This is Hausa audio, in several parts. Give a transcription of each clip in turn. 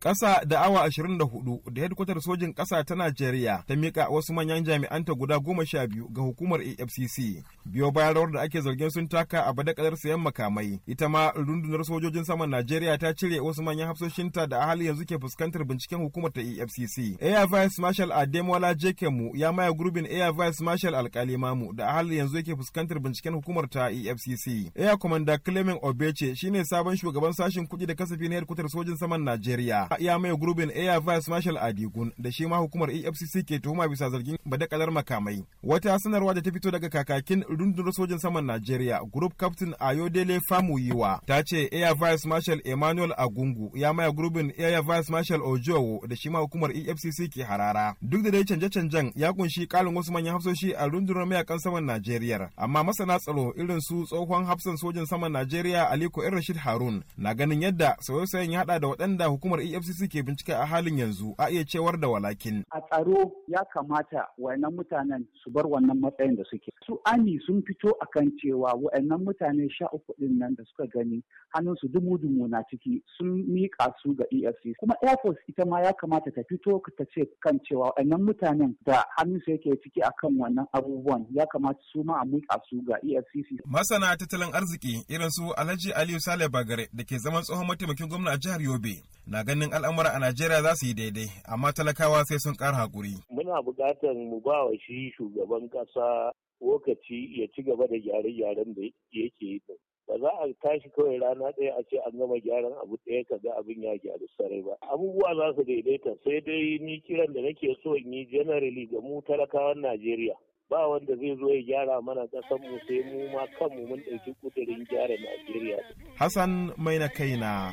Ƙasa da awa 24 da hedkwatar sojin ƙasa ta Najeriya ta miƙa wasu manyan jami'anta guda goma sha biyu ga hukumar AFCC. Biyo bayan rawar da ake zargin sun taka a badakalar sayan makamai. Ita ma rundunar sojojin saman Najeriya ta cire wasu manyan hafsoshinta da a hali yanzu ke fuskantar binciken hukumar ta AFCC. Air Vice Marshal Ademola Jekemu ya maya gurbin Air Vice Marshal Alkali Mamu da a hali yanzu ke fuskantar binciken hukumar ta AFCC. Air Commander Clement Obeche shine sabon shugaban sashen kuɗi da kasafi na hedkwatar sojin saman Najeriya. ya maye gurbin Air Vice Marshal Adigun da shi ma hukumar EFCC ke tuhuma bisa zargin badakalar makamai. Wata sanarwa da ta fito daga kakakin rundunar sojan saman Najeriya, Group Captain Ayodele Famuyiwa, ta ce Air Vice Marshal Emmanuel Agungu ya maye gurbin Air Vice Marshal Ojowo da shi ma hukumar EFCC ke harara. Duk da dai canje-canjen ya kunshi kalin wasu manyan hafsoshi a rundunar mayakan saman Najeriya, amma masana tsaro irin su tsohon hafsan sojan saman Najeriya Aliko Irrashid Harun na ganin yadda sauye-sauyen ya hada da waɗanda hukumar EFCC FCC ke bincike a halin yanzu a iya cewar da walakin. A tsaro ya kamata wayannan mutanen su bar wannan matsayin da suke. Su ani sun fito akan cewa wayannan mutane sha uku din nan da suka gani hannun su dumu-dumu na ciki sun miƙa su ga EFCC. Kuma Air Force ita ma ya kamata ta fito ta ce kan cewa wayannan mutanen da hannunsu yake ciki akan wannan abubuwan ya kamata su ma a miƙa su ga EFCC. Masana tattalin arziki irin su Alhaji Aliyu Sale Bagare da ke zaman tsohon mataimakin gwamna a jihar Yobe na ganin ganin al'amura a Najeriya za su yi daidai, amma talakawa sai sun ƙara haƙuri. Muna buƙatar mu ba wa shi shugaban ƙasa lokaci ya ci gaba da gyare-gyaren da yake yi. Ba za a tashi kawai rana ɗaya a ce an gama gyaran abu ɗaya ka ga abin ya gyaru sarai ba. Abubuwa za su daidaita sai dai ni kiran da nake so in yi generally ga mu talakawan Najeriya. ba wanda zai zo ya gyara mana ƙasar mu sai mu ma kanmu mun ɗauki ƙudurin gyara Najeriya. Hassan Maina Kaina,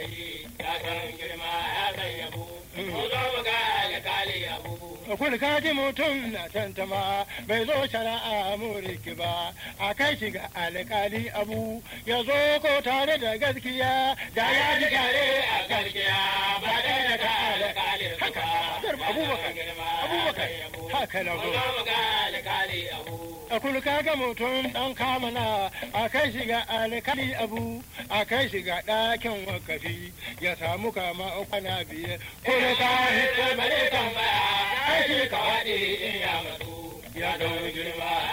Mm-hmm. kurkaji mutum na tantama bai zo shara'a muriki ba a kai shi ga alkali abu ya zo ko tare da gaskiya da ya ji tare a gaskiya ba da ya daga alkali haka abubakar abubakar haka na zo kulka ga mutum ɗan kamana a kai shiga alkali abu a kai shiga ɗakin wakafi ya samu kama kwana biye kulka hito mai tambaya kai shi ka waɗi in ya matsu ya don girma